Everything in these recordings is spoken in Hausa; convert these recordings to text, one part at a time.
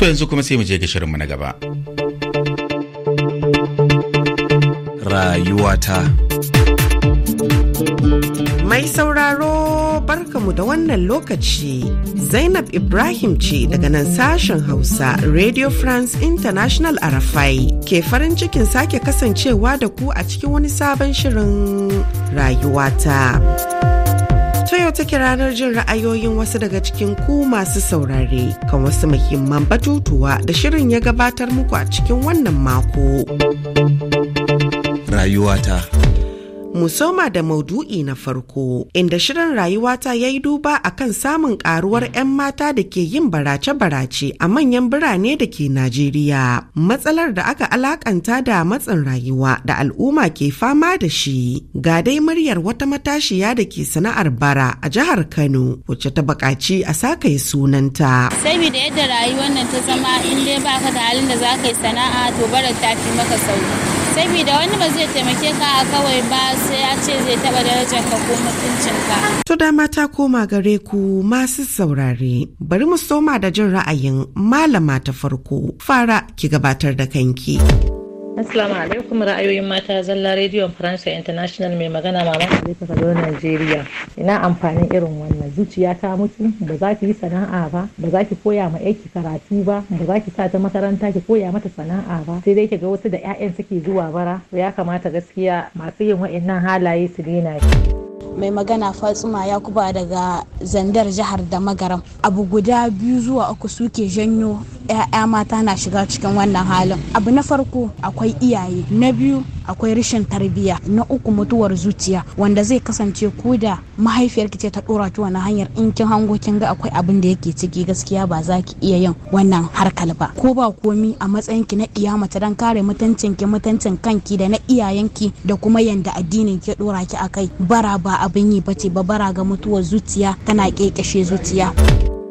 To yanzu kuma sai mu je ga shirinmu na gaba. Rayuwata Mai sauraro Mu da wannan lokaci Zainab Ibrahim ce daga nan sashen Hausa Radio France International Arafai ke farin cikin sake kasancewa da ku a cikin wani sabon shirin rayuwata. ta take ranar jin ra'ayoyin wasu daga cikin ku masu saurare kan wasu muhimman batutuwa da shirin ya gabatar muku a cikin wannan mako. Rayuwata. musoma da maudu'i na farko inda shirin rayuwata ya yi duba a kan samun karuwar mm. 'yan mata da ke yin barace-barace a manyan birane da ke najeriya matsalar da aka alakanta da matsin rayuwa da al'umma ke fama da shi ga dai muryar wata matashiya da ke sana'ar bara a jihar kano wacce ta bukaci a saka yi sunanta saboda yadda rayuwar nan ta zama in dai baka da halin da za ka yi sana'a to barar ta fi maka sauki saboda wani ba zai taimake ka a kawai ba sai ya ce zai taba darajar ka ko mutuncin ka. To da mata koma gare ku masu saurare bari mu soma da jin ra'ayin malama ta farko fara ki gabatar da kanki. Assalamu alaikum ra'ayoyin mata zalla rediyon Faransa International mai magana mama Khalifa Kado Najeriya. Ina amfanin irin wannan zuciya ta mutu ba za ki yi sana'a ba, ba za ki koya ma aiki karatu ba, ba za ki sa ta makaranta ki koya mata sana'a ba. Sai dai ki ga wasu da 'ya'yan suke zuwa bara, ya kamata gaskiya masu yin wa'annan halaye su daina shi. mai magana fatsuma ya yakuba daga zandar jihar da magaram abu guda biyu zuwa uku suke janyo 'ya'ya mata na shiga cikin wannan halin abu na farko akwai iyaye na biyu akwai rashin tarbiyya na uku mutuwar zuciya wanda zai kasance ko da mahaifiyarki ce ta dora ki wannan hanyar in kin hango kin ga akwai abin da yake ciki gaskiya ba za ki iya yin wannan harkal ba ko ba komi a matsayin ki na iya mace dan kare mutuncin ki mutuncin kanki da na iyayenki da kuma yanda addinin ki dora ki akai bara ba abin yi bace ba bara ga mutuwar zuciya tana kekeshe zuciya.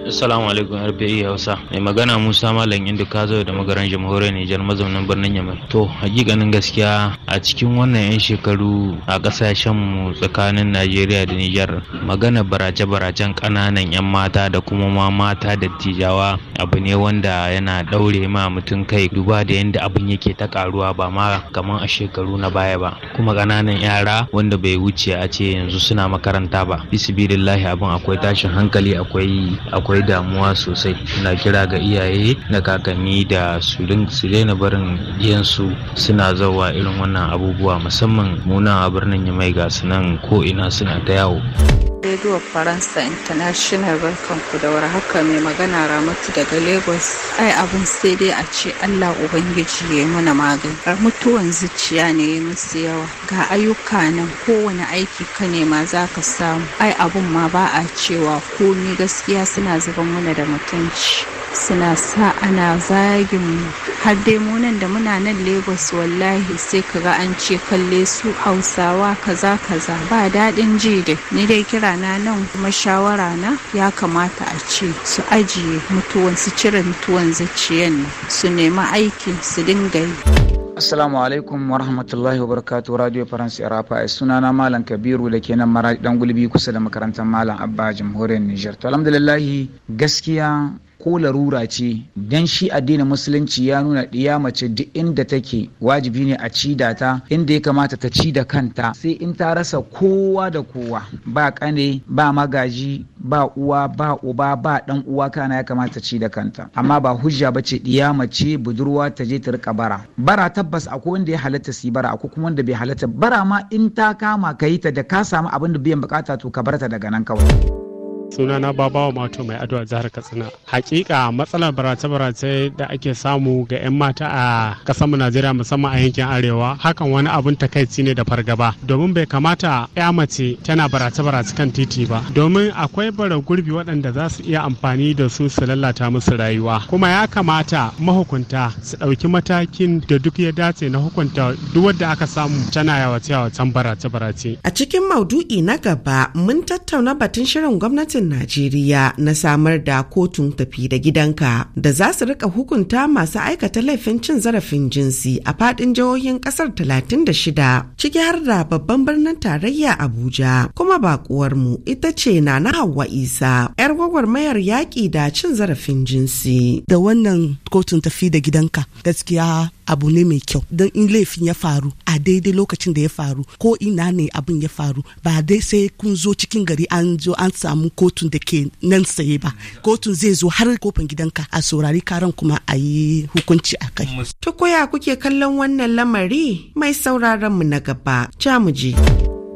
Assalamu alaikum RPI Hausa. Mai magana Musa Malam Indu ka zo da magaran jamhuriyar Nijar mazaunin birnin Yamai. To, hakikanin gaskiya a cikin wannan 'yan shekaru a kasashen mu tsakanin Najeriya da Nijar magana barace-baracen kananan 'yan mata da kuma ma mata da tijawa abu ne wanda yana daure ma mutum kai duba da yadda abin yake ta karuwa ba ma kamar a shekaru na baya ba. Kuma kananan yara wanda bai wuce a ce yanzu suna makaranta ba. Bismillahi abin akwai tashin hankali akwai akwai damuwa sosai na kira ga iyaye na kakanni da su daina barin yansu suna zawa irin wannan abubuwa musamman muna a birnin yamai ga sunan ko ina suna ta yawo. Rediyo Faransa International ku da haka mai magana Ramatu daga Lagos. Ai abin sai dai a ce Allah Ubangiji ya mana magani. Mutuwan zuciya ne ya musu yawa. Ga ayyuka nan kowane aiki ka nema za ka samu. Ai abun ma ba a cewa komi gaskiya suna zuban mana da mutunci. suna sa ana zagin mu har dai mu nan da muna nan lagos wallahi sai ka ga an ce kalle su hausawa kaza kaza ba daɗin ji dai ni dai kira na nan kuma shawara na ya kamata a ce su ajiye mutuwan su cire mutuwan zuciyan su nemi aiki su dinga yi Assalamu alaikum wa rahmatullahi wa barakatuh Radio France Irapa a sunana Malam Kabiru da ke nan mara dan gulbi kusa da makarantar Malam Abba jamhuriyar Niger. To alhamdulillah gaskiya ko larura ce dan shi addinin musulunci ya nuna ɗiya mace duk inda take wajibi ne a cida ta inda ya kamata ta ci da kanta sai in ta rasa kowa da kowa ba kane ba magaji ba uwa ba uba ba dan uwa kana ya kamata ta ci da kanta amma ba hujja ba ce ɗiya mace budurwa ta je ta rika bara bara tabbas akwai wanda ya halatta su bara akwai kuma wanda bai halatta bara ma in ta kama ka ta da ka samu abin da biyan bukata to ka bar ta daga nan kawai. sunana wa mato mai addu'a jihar katsina hakika matsalar barace-barace da ake samu ga 'yan mata a kasanmu najeriya musamman a yankin arewa hakan wani abun takaici ne da fargaba domin bai kamata 'ya mace tana barace-barace kan titi ba domin akwai bara gurbi waɗanda za su iya amfani da su su lalata musu rayuwa kuma ya kamata mahukunta su ɗauki matakin da duk ya dace na hukunta duk wadda aka samu tana yawace-yawacen barace-barace a cikin maudu'i na gaba mun tattauna batun shirin gwamnati gwamnatin Najeriya na samar da kotun tafi da gidanka da za su rika hukunta masu aikata laifin cin zarafin jinsi a fadin jihohin kasar 36 ciki har da babban birnin tarayya Abuja kuma bakuwar mu ita ce na na Hauwa Isa yar gwagwarmayar yaƙi da cin zarafin jinsi da wannan kotun tafi da gidanka gaskiya abu ne mai kyau don in laifin ya faru a daidai lokacin da ya faru ko ina ne abin ya faru ba dai sai kun zo cikin gari an zo an samu ko kotun da ke nan saye ba kotun zai zo har kofin gidanka a saurari karan kuma a yi hukunci a kai. Tukuya kuke kallon wannan lamari mai sauraron mu na gaba jamuji.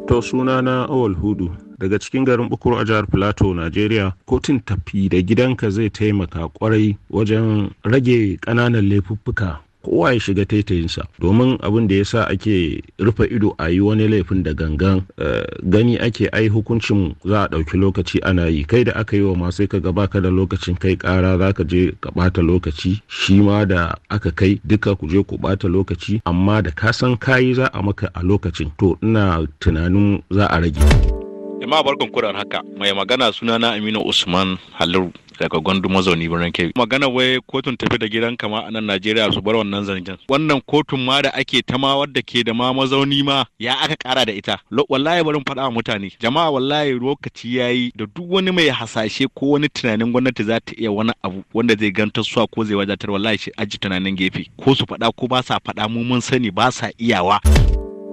To na awal hudu daga cikin garin bukuru a jihar plateau nigeria kotun tafi da gidanka zai taimaka kwarai wajen rage ƙananan laifuffuka kowa ya shiga taitayinsa domin abin da ya sa ake rufe ido a yi wani laifin da gangan eh, gani ake ai hukuncin za a ɗauki lokaci ana yi kai da aka yi wa masu ka gaba ka da lokacin kai ƙara za ka je ka ɓata lokaci shi ma da aka kai duka ku je ku ɓata lokaci amma da ka san kayi za a maka a lokacin to ina tunanin za a rage. Jama'a barkan ku haka mai magana suna na Aminu Usman Haliru daga gwandu mazauni birnin Kebbi. Magana wai kotun tafi da gidan kama a nan Najeriya su bar wannan zargin. Wannan kotun ma da ake ta ma wadda ke da ma mazauni ma ya aka kara da ita. Wallahi bari faɗa wa mutane. Jama'a wallahi lokaci yayi da duk wani mai hasashe ko wani tunanin gwamnati za ta iya wani abu wanda zai ganta suwa ko zai wajatar wallahi shi aji tunanin gefe. Ko su faɗa ko ba sa faɗa mu mun sani ba sa iyawa.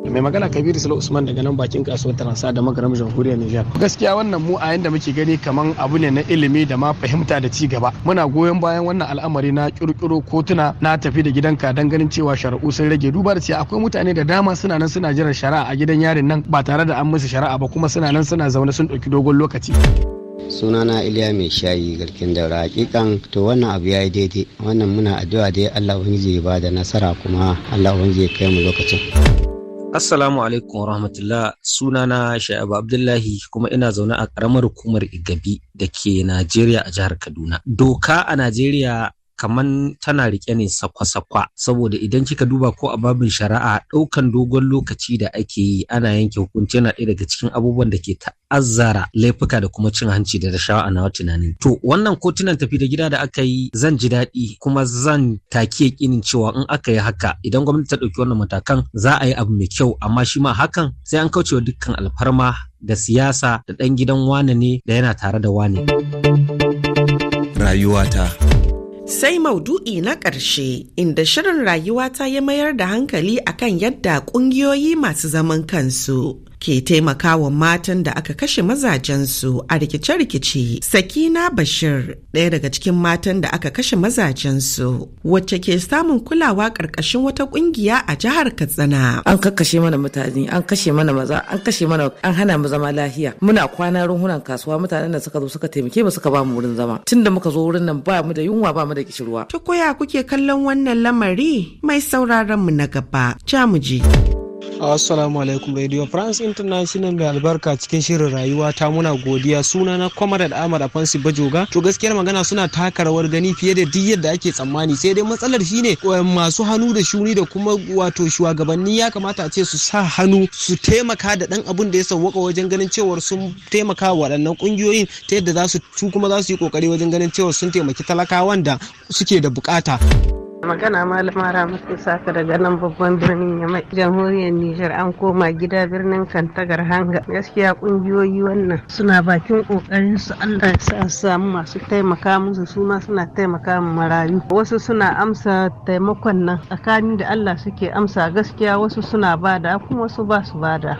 mai magana kabiru sula usman daga nan bakin kasuwar taransa da magaram jamhuriyar nijar gaskiya wannan mu a yanda muke gani kaman abu ne na ilimi da ma fahimta da ci gaba muna goyon bayan wannan al'amari na kirkiro kotuna na tafi da gidanka don ganin cewa shari'u sun rage duba da cewa akwai mutane da dama suna nan suna jiran shari'a a gidan yarin nan ba tare da an musu shari'a ba kuma suna nan suna zaune sun ɗauki dogon lokaci sunana iliya mai shayi garkin daura hakikan to wannan abu ya yi daidai wannan muna addu'a dai allah ubangiji ya ba da nasara kuma allah ya kai mu lokacin Assalamu alaikum wa rahmatullah sunana Sha'abu Abdullahi kuma ina zaune a ƙaramar hukumar Igabi da ke Najeriya a jihar Kaduna. Doka a Najeriya kaman tana rike ne sakwa-sakwa saboda idan kika duba ko a babin shari'a ɗaukan dogon lokaci da ake yi ana yanke hukunci yana ɗaya daga cikin abubuwan da ke ta'azzara laifuka da kuma cin hanci da rashawa a nawa tunani to wannan kotunan tafi da gida da aka yi zan ji daɗi kuma zan take yakinin cewa in aka yi haka idan gwamnati ta ɗauki wannan matakan za a yi abu mai kyau amma shi ma hakan sai an kauce wa dukkan alfarma da siyasa da ɗan gidan wane ne da yana tare da wane. Rayuwata. Sai maudu'i na ƙarshe inda shirin rayuwa ta yi mayar da hankali akan yadda ƙungiyoyi masu zaman kansu ke taimakawa matan da aka kashe mazajensu a rikice-rikice sakina bashir ɗaya daga cikin matan da aka kashe mazajensu wacce ke samun kulawa ƙarƙashin wata ƙungiya a jihar katsina an kakkashe mana mutane an kashe mana maza an kashe mana an hana mu zama lafiya muna kwana runhunan kasuwa mutanen da suka zo suka taimake mu suka ba mu wurin zama tunda muka zo wurin nan ba mu da yunwa ba mu da kishirwa Ta koya kuke kallon wannan lamari mai sauraron mu na gaba ja muje. assalamu alaikum radio france international mai albarka cikin shirin rayuwa ta muna godiya suna na comrade ahmad afansi bajoga to gaskiyar magana suna taka rawar gani fiye da duk yadda ake tsammani sai dai matsalar shine eh, masu hannu da shuni da kuma wato shugabanni ya kamata a ce su sa hannu su taimaka da dan abun da ya sauwaka wajen ganin cewar sun taimaka waɗannan kungiyoyin ta yadda za su kuma za su yi kokari wajen ganin cewar sun taimaki talakawan da suke da buƙata. magana malama ramatu saka daga nan babban birnin mai jamhuriyar nijar an koma gida birnin kantagar hanga gaskiya kungiyoyi wannan suna bakin kokarin su allah ya sa samu masu taimaka musu su ma suna taimaka mu marayu wasu suna amsa taimakon nan tsakanin da allah suke amsa gaskiya wasu suna bada kuma wasu ba su bada.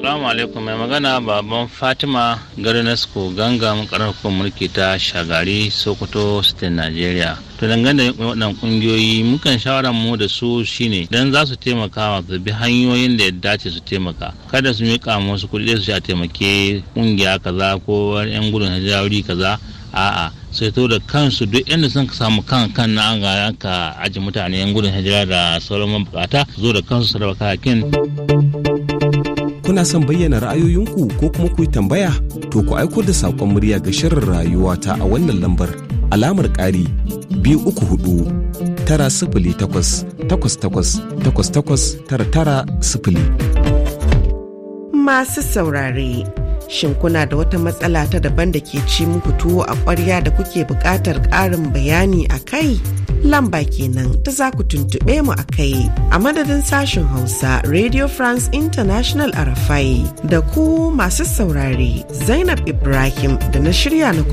Assalamu alaikum mai magana baban Fatima Nasko gangan karar mulki ta Shagari Sokoto State Nigeria. to dangane da waɗannan ƙungiyoyi mukan shawara mu da su shine dan za su taimaka wa su bi hanyoyin da ya dace su taimaka kada su miƙa musu kuɗi su sha taimake ƙungiya kaza ko yan gudun hajjawuri kaza a'a sai to da kansu duk inda sun samu kan kan na ga ka aji mutane yan gudun hijira da sauran mabukata zo da kansu su raba kayakin. Kuna son bayyana ra'ayoyinku ko kuma ku tambaya? To ku aiko da saƙon murya ga shirin rayuwa ta a wannan lambar alamar ƙari biyu uku hudu tara sifili takwas takwas takwas takwas takwas tara tara sifili. Masu saurare Shin kuna da wata matsala ta daban da ke ci muku tuwo a ƙwarya da kuke buƙatar ƙarin bayani a kai? lamba kenan ta za ku tuntuɓe mu a kai a madadin sashen Hausa Radio France International Arafai da ku masu saurare Zainab Ibrahim da na shirya na